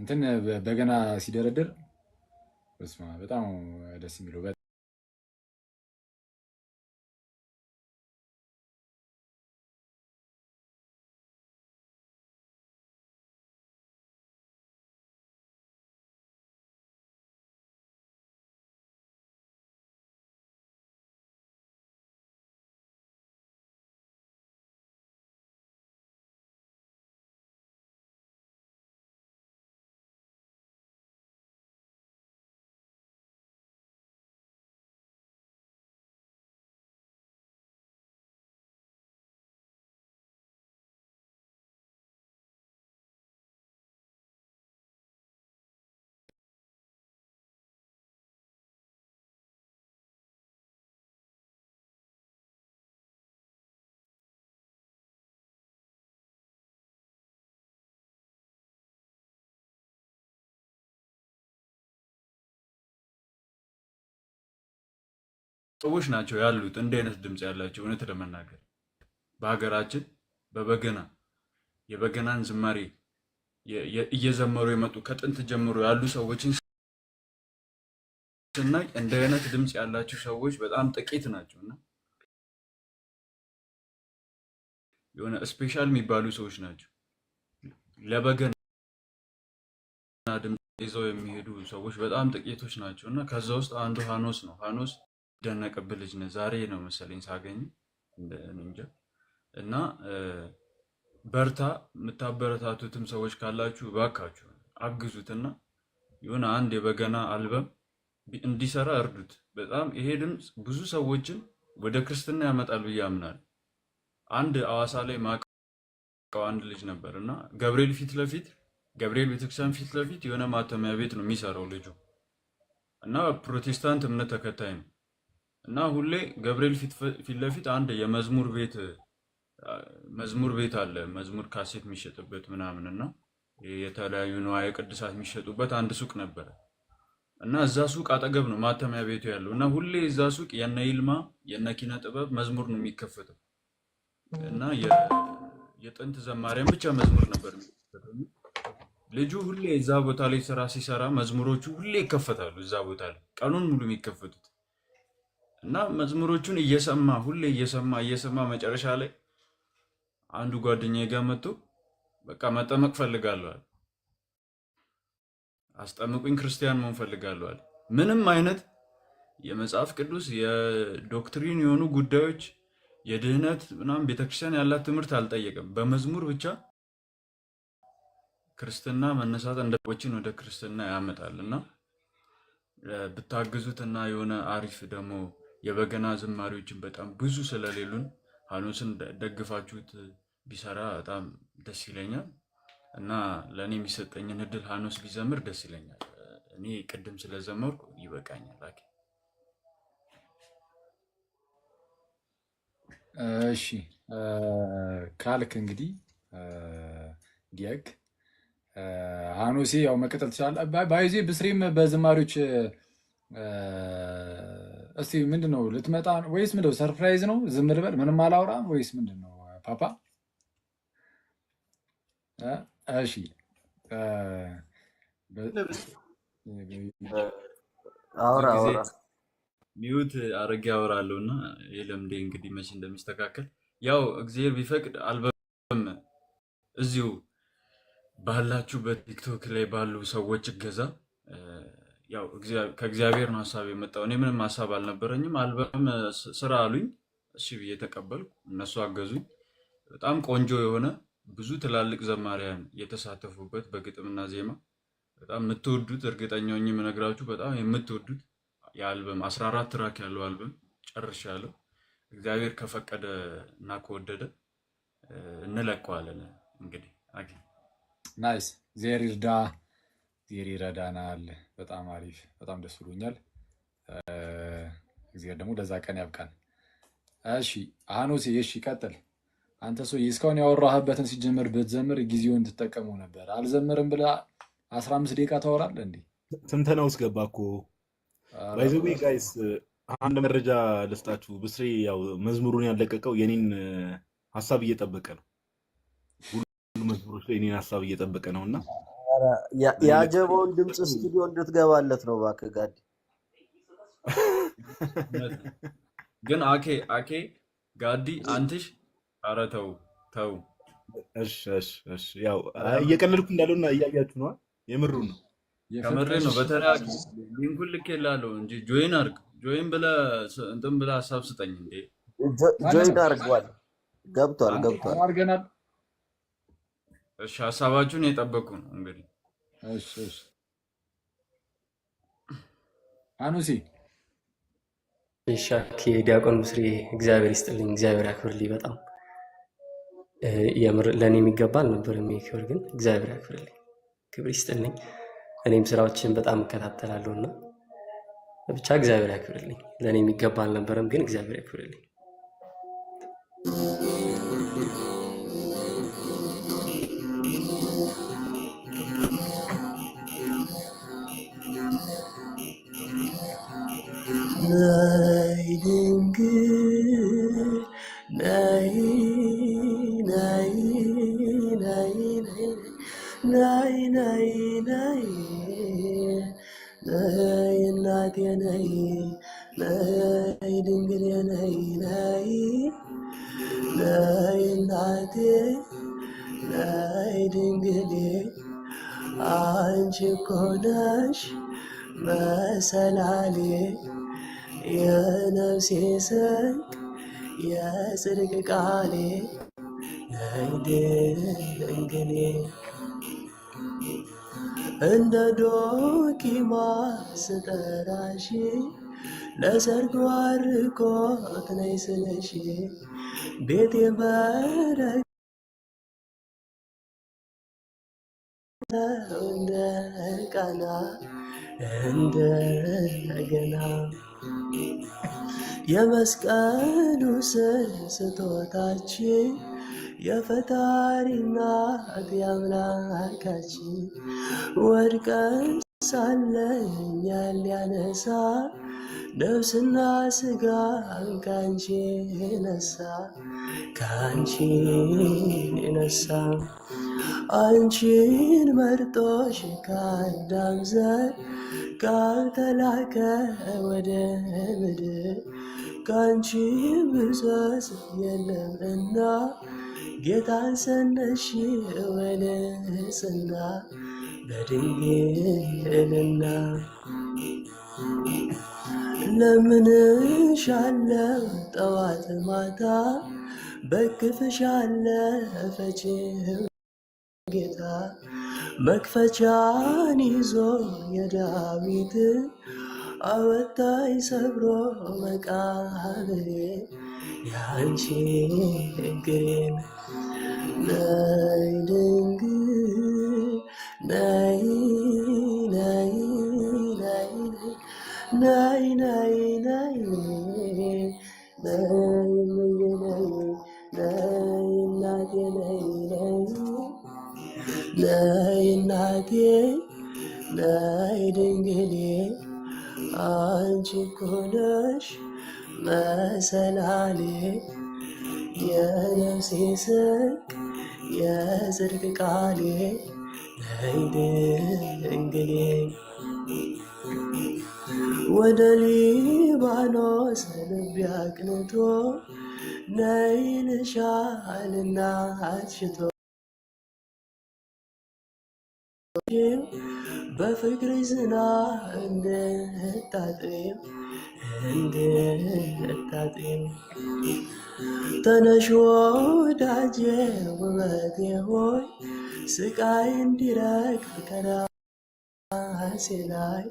እንትን በገና ሲደረድር በጣም ደስ የሚለው ሰዎች ናቸው ያሉት እንዲህ አይነት ድምፅ ያላቸው እውነት ለመናገር በሀገራችን በበገና የበገናን ዝማሬ እየዘመሩ የመጡ ከጥንት ጀምሮ ያሉ ሰዎችን ስናይ እንዲህ አይነት ድምፅ ያላቸው ሰዎች በጣም ጥቂት ናቸው እና የሆነ ስፔሻል የሚባሉ ሰዎች ናቸው። ለበገና ድምፅ ይዘው የሚሄዱ ሰዎች በጣም ጥቂቶች ናቸው እና ከዛ ውስጥ አንዱ ሀኖስ ነው። ሀኖስ ደነቀብህ ልጅ ነህ። ዛሬ ነው መሰለኝ ሳገኝ እንጃ። እና በርታ። የምታበረታቱትም ሰዎች ካላችሁ እባካችሁ አግዙትና የሆነ አንድ የበገና አልበም እንዲሰራ እርዱት። በጣም ይሄ ድምፅ ብዙ ሰዎችን ወደ ክርስትና ያመጣል ብዬ አምናለሁ። አንድ አዋሳ ላይ ማቀው አንድ ልጅ ነበር እና ገብርኤል ፊት ለፊት ገብርኤል ቤተክርስቲያን ፊት ለፊት የሆነ ማተሚያ ቤት ነው የሚሰራው ልጁ እና ፕሮቴስታንት እምነት ተከታይ ነው እና ሁሌ ገብርኤል ፊት ለፊት አንድ የመዝሙር ቤት መዝሙር ቤት አለ። መዝሙር ካሴት የሚሸጥበት ምናምን እና የተለያዩ ንዋየ ቅድሳት የሚሸጡበት አንድ ሱቅ ነበረ እና እዛ ሱቅ አጠገብ ነው ማተሚያ ቤቱ ያለው እና ሁሌ እዛ ሱቅ የነ ይልማ የነ ኪነ ጥበብ መዝሙር ነው የሚከፈተው እና የጥንት ዘማሪያን ብቻ መዝሙር ነበር ልጁ ሁሌ እዛ ቦታ ላይ ስራ ሲሰራ መዝሙሮቹ ሁሌ ይከፈታሉ። እዛ ቦታ ላይ ቀኑን ሙሉ የሚከፈቱት እና መዝሙሮቹን እየሰማ ሁሌ እየሰማ እየሰማ መጨረሻ ላይ አንዱ ጓደኛ ጋር መጥቶ በቃ መጠመቅ ፈልጋለሁ አለ። አስጠምቁኝ ክርስቲያን መሆን ፈልጋለሁ አለ። ምንም አይነት የመጽሐፍ ቅዱስ የዶክትሪን የሆኑ ጉዳዮች የድህነት ምናምን ቤተክርስቲያን ያላት ትምህርት አልጠየቅም። በመዝሙር ብቻ ክርስትና መነሳት እንደቦችን ወደ ክርስትና ያመጣል እና ብታግዙትና የሆነ አሪፍ ደግሞ የበገና ዝማሪዎችን በጣም ብዙ ስለሌሉን ፋኖስን ደግፋችሁት ቢሰራ በጣም ደስ ይለኛል እና ለእኔ የሚሰጠኝን እድል ፋኖስ ቢዘምር ደስ ይለኛል። እኔ ቅድም ስለዘመርኩ ይበቃኛል። አኬ እሺ ካልክ እንግዲህ ዲያግ ሀኖሴ ያው መቀጠል ትችላለህ። ባይዜ ብስሬም በዝማሪዎች እስቲ ምንድን ነው ልትመጣ ወይስ ምንድን ሰርፕራይዝ ነው? ዝም ልበል ምንም አላውራ ወይስ ምንድን ነው ፓፓ? እሺ አውራ አውራ ሚዩት አረጌ አወራለሁ እና የለምዴ እንግዲህ መቼ እንደሚስተካከል ያው እግዚአብሔር ቢፈቅድ አልበም እዚሁ ባላችሁ በቲክቶክ ላይ ባሉ ሰዎች እገዛ ያው ከእግዚአብሔር ነው ሀሳብ የመጣው። እኔ ምንም ሀሳብ አልነበረኝም። አልበም ስራ አሉኝ፣ እሺ ብዬ ተቀበልኩ። እነሱ አገዙኝ። በጣም ቆንጆ የሆነ ብዙ ትላልቅ ዘማሪያን የተሳተፉበት በግጥምና ዜማ በጣም የምትወዱት እርግጠኛ ሆኜ የምነግራችሁ በጣም የምትወዱት የአልበም አስራ አራት ትራክ ያለው አልበም ጨርሻለሁ። እግዚአብሔር ከፈቀደ እና ከወደደ እንለቀዋለን እንግዲህ ናይስ። እግዚአብሔር ይርዳ። እግዚአብሔር ይረዳናል። በጣም አሪፍ፣ በጣም ደስ ብሎኛል። እግዚአብሔር ደግሞ ለዛ ቀን ያብቃን። እሺ አኖሴ፣ እሺ ቀጥል አንተ ሰውዬ። እስካሁን ያወራህበትን ሲጀምር ብትዘምር ጊዜውን ትጠቀመው ነበር። አልዘምርም ብላ አስራ አምስት ደቂቃ ታወራለህ እንዴ? ትንተና ውስጥ ገባ እኮ ጋይስ። አንድ መረጃ ልስጣችሁ። ብስሬ ያው መዝሙሩን ያለቀቀው የኔን ሀሳብ እየጠበቀ ነው። ሁሉ መዝሙሮች ላይ የኔን ሀሳብ እየጠበቀ ነው እና የአጀበውን ድምፅ ስቱዲዮ እንድትገባለት ነው እባክህ ጋዲ። ግን አኬ አኬ ጋዲ አንትሽ ኧረ ተው ተው። እየቀለድኩ እንዳለውና እያያችሁ ነዋ። የምሩ ነው ከምሬ ነው። በተለያዩ ሊንኩን ልኬልሃለሁ እንጂ ጆይን አድርግ ጆይን ብለህ እንትን ብለህ ሀሳብ ስጠኝ እንዴ። ጆይን አድርጓል። ገብቷል ገብቷል። እሺ ሀሳባችሁን የጠበቁ ነው እንግዲህ። እሺ እሺ አኑሲ እሺ። አኬ ዲያቆን ብስሬ እግዚአብሔር ይስጥልኝ፣ እግዚአብሔር ያክብርልኝ። በጣም የምር ለእኔ የሚገባ አልነበረም ይሄ ክብር፣ ግን እግዚአብሔር ያክብርልኝ፣ ክብር ይስጥልኝ። እኔም ስራዎችን በጣም እከታተላለሁ እና ብቻ እግዚአብሔር ያክብርልኝ። ለእኔ የሚገባ አልነበረም፣ ግን እግዚአብሔር ያክብርልኝ። እናቴ ነይ ድንግሌ አንቺ እኮ ነሽ መሰላሌ የነፍሴ ስንቅ የጽድቅ ቃሌ ነይ ድንግሌ እንደ ዶኪማስ ጠራሽ ለሰርግ ዋርኮት ነይ ስለሽ ቤት የማረግ እንደቃና እንደገና የመስቀሉ ስር ስጦታችን የፈጣሪና አምላካችን ወድቀን ሳለ ሳለኛል ያነሳ ነፍስና ስጋ ከአንቺ ነሳ ከአንቺ ነሳ አንቺን መርጦሽ ከአዳም ዘር ጋር ወደ ምድር ከአንቺ የለም እና ጌታን ሰነሽ ወደ ጽና በድንግልና ለምንሻለው ጠዋት ማታ በክፍሻለ ፈችህ ጌታ መክፈቻን ይዞ የዳዊት አወታይ ሰብሮ መቃብሬ የአንቺ እግሬን ላይ ድንግ ነይ ነይ ነይ ነይ ነይ ነይ ነይ እናቴ ነይ ድንግሌ አንቺ እኮ ነሽ መሰላሌ የነፍሴ ስንቅ የጽድቅ ቃሌ ወደ ሊባኖስ ልብ ያቅንቶ ነይልሻልና አሽቶ በፍቅር ዝና እንድታጥም እንድታጤም ተነሽ ወዳጄ ውበቴ ሆይ ስቃይ እንዲረግፍ ከራሴ ላይ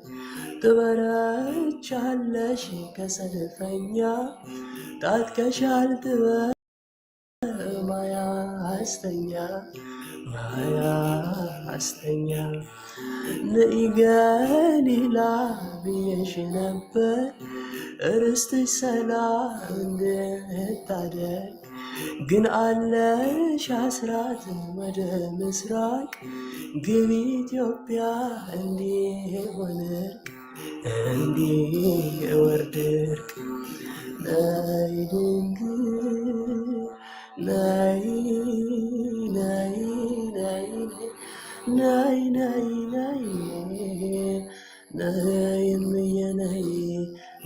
ትበረቻለሽ ከሰልፈኛ ታጥቀሻል ትበ አስተኛ አያስተኛ ነይ ገሊላ ብዬሽ ነበር ርስትሽ ሰላም እንድታደርግ ግን አለሽ አስራት ወደ ምስራቅ ግቢ ኢትዮጵያ እንዲሆን እርቅ እንዲወርድ እርቅ ነይ ነይ ነይ ነይ እምዬ ነይ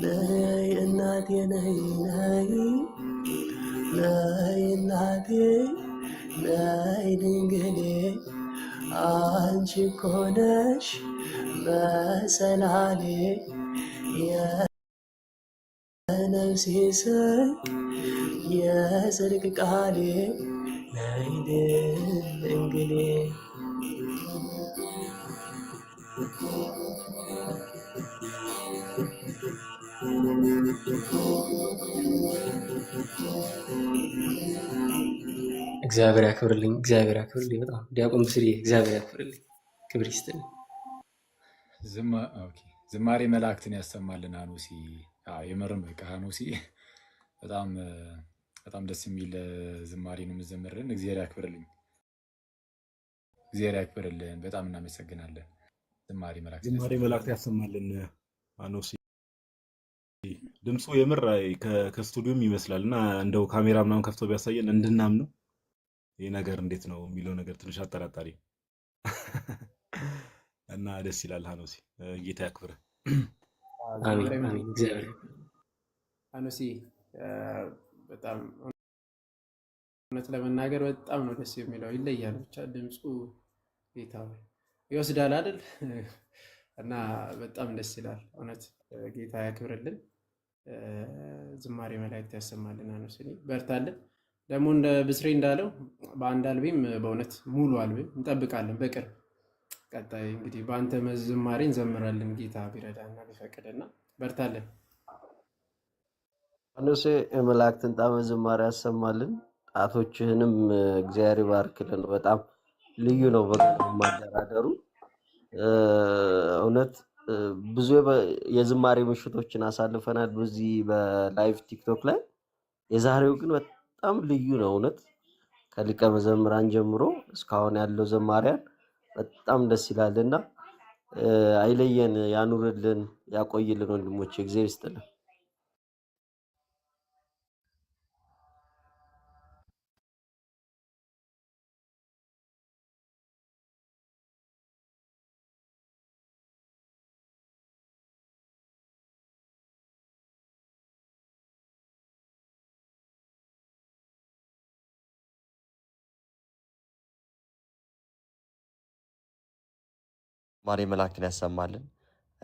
ነይ እናቴ ነይ ነይ ነይ እናቴ ነይ ድንግሌ አንቺ እኮ ነሽ መሰላሌ የነፍሴ ስንቅ የጽድቅ ቃሌ ነይ ድንግሌ እግዚአብሔር ያክብርልኝ፣ እግዚአብሔር ያክብርልኝ። በጣም ዲያቆን ብስርዬ እግዚአብሔር ያክብርልኝ፣ ክብር ይስጥልኝ። ዝማሬ መላእክትን ያሰማልን። አኑሲ የመርም በቃ አኑሲ በጣም ደስ የሚል ዝማሬ ነው የምዘምርልን። እግዚአብሔር ያክብርልኝ። እግዚአብሔር ያክብርልን። በጣም እናመሰግናለን። ዝማሬ መላእክት መላእክት ያሰማልን። አኖሲ ድምፁ የምር ከስቱዲዮም ይመስላል እና እንደው ካሜራ ምናምን ከፍቶ ቢያሳየን እንድናምን ነው። ይህ ነገር እንዴት ነው የሚለው ነገር ትንሽ አጠራጣሪ እና ደስ ይላል። አኖሲ ጌታ ያክብር። አኖሲ በጣም እውነት ለመናገር በጣም ነው ደስ የሚለው። ይለያል ብቻ ድምፁ ጌታ ይወስዳል አይደል? እና በጣም ደስ ይላል እውነት። ጌታ ያክብርልን። ዝማሬ መላእክት ያሰማልን። አነስኒ በርታለን። ደግሞ እንደ ብስሬ እንዳለው በአንድ አልቤም በእውነት ሙሉ አልቤም እንጠብቃለን በቅርብ ቀጣይ እንግዲህ በአንተ መዝማሪ እንዘምራለን ጌታ ቢረዳና ቢፈቅድና በርታለን። አንሴ መላእክትን ጣመ ዝማሪ ያሰማልን። ጣቶችህንም እግዚአብሔር ይባርክልን። በጣም ልዩ ነው በገናው ማደራደሩ። እውነት ብዙ የዝማሬ ምሽቶችን አሳልፈናል በዚህ በላይቭ ቲክቶክ ላይ። የዛሬው ግን በጣም ልዩ ነው እውነት ከሊቀ መዘምራን ጀምሮ እስካሁን ያለው ዘማሪያን በጣም ደስ ይላልና አይለየን፣ ያኑርልን፣ ያቆይልን ወንድሞች፣ እግዚአብሔር ይስጥልን። ማሬ መላክን ያሰማልን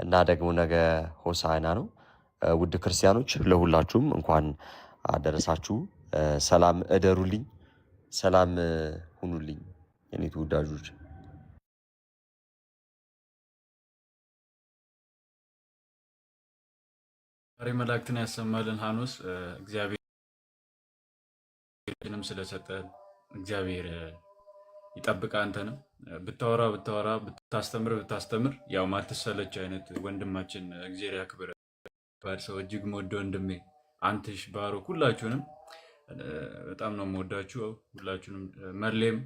እና ደግሞ ነገ ሆሳዕና ነው። ውድ ክርስቲያኖች ለሁላችሁም እንኳን አደረሳችሁ። ሰላም እደሩልኝ፣ ሰላም ሁኑልኝ የኔ ተወዳጆች። ማሬ መላእክትን ያሰማልን። ሀኖስ እግዚአብሔር ስለሰጠ እግዚአብሔር ይጠብቀ አንተንም ብታወራ ብታወራ ብታስተምር ብታስተምር ያው ማትሰለች አይነት ወንድማችን እግዜር ያክብር። ባድ ሰው እጅግ መወደ ወንድሜ አንትሽ ባሮ ሁላችሁንም በጣም ነው መወዳችሁ። ሁላችሁንም መሌም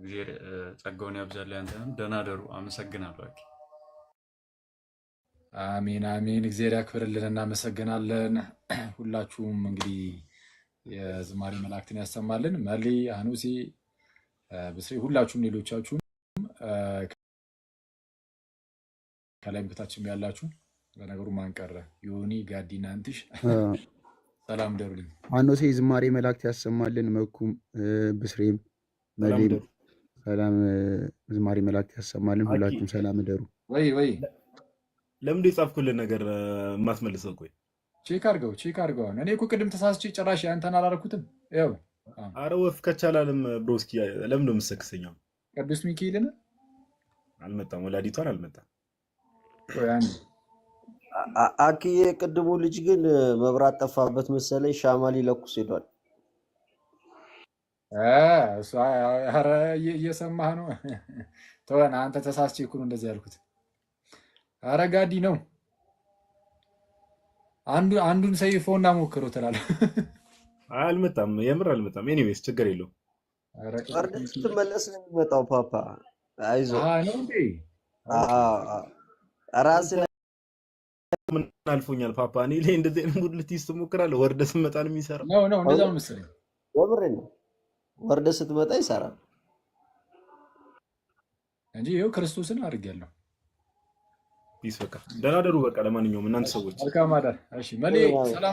እግዜር ጸጋውን ያብዛል። አንተንም ደህና ደሩ። አመሰግናለሁ። አሜን አሜን። እግዜር ያክብርልን። እናመሰግናለን። ሁላችሁም እንግዲህ የዝማሪ መላእክትን ያሰማልን። መሊ አኑሲ ሁላችሁም ሌሎቻችሁም ከላይም ከታችም ያላችሁ ለነገሩ ማንቀረ ዮኒ ጋዲና እንትሽ ሰላም ደሩልኝ። አኖሴ ዝማሬ መላእክት ያሰማልን። መኩም ብስሬም መሌም ሰላም ዝማሬ መላእክት ያሰማልን። ሁላችሁም ሰላም ደሩ። ወይ ወይ ለምንድ የጻፍኩልን ነገር የማስመልሰው? ቆይ ቼክ አርገው ቼክ አርገው። እኔ እኮ ቅድም ተሳስቼ ጭራሽ ያንተን አላረኩትም። ው አረ ወፍ ከቻላለም ብሮስኪ ለምን ነው የምትሰክሰኛው? ቅዱስ ሚካኤልን አልመጣም፣ ወላዲቷን አልመጣም። አክዬ ቅድሙ ልጅ ግን መብራት ጠፋበት መሰለኝ፣ ሻማ ሊለኩስ ሄዷል። ኧረ እየሰማህ ነው? ተወን አንተ ተሳስቼ እኮ ነው እንደዚህ ያልኩት። አረ ጋዲ ነው አንዱን ሰይፎ ሞክረው ትላለህ አልመጣም፣ የምር አልመጣም። ኤኒዌይስ ችግር የለውም። ስትመለስ ነው የሚመጣው። ፓፓ አይዞህ። ራስህ ምን አልፎኛል ፓፓ። እኔ ላይ እንደዚህ አይነት ሙድ ልትይዝ ትሞክራለህ። ወርደህ ስትመጣ ነው የሚሰራው። ስትመጣ ይሰራል እንጂ ይኸው ክርስቶስን አድርጌያለሁ። ፒስ በቃ ደህና ደሩ። በቃ ለማንኛውም እናንተ ሰዎች መልካም አዳር። እሺ ሰላም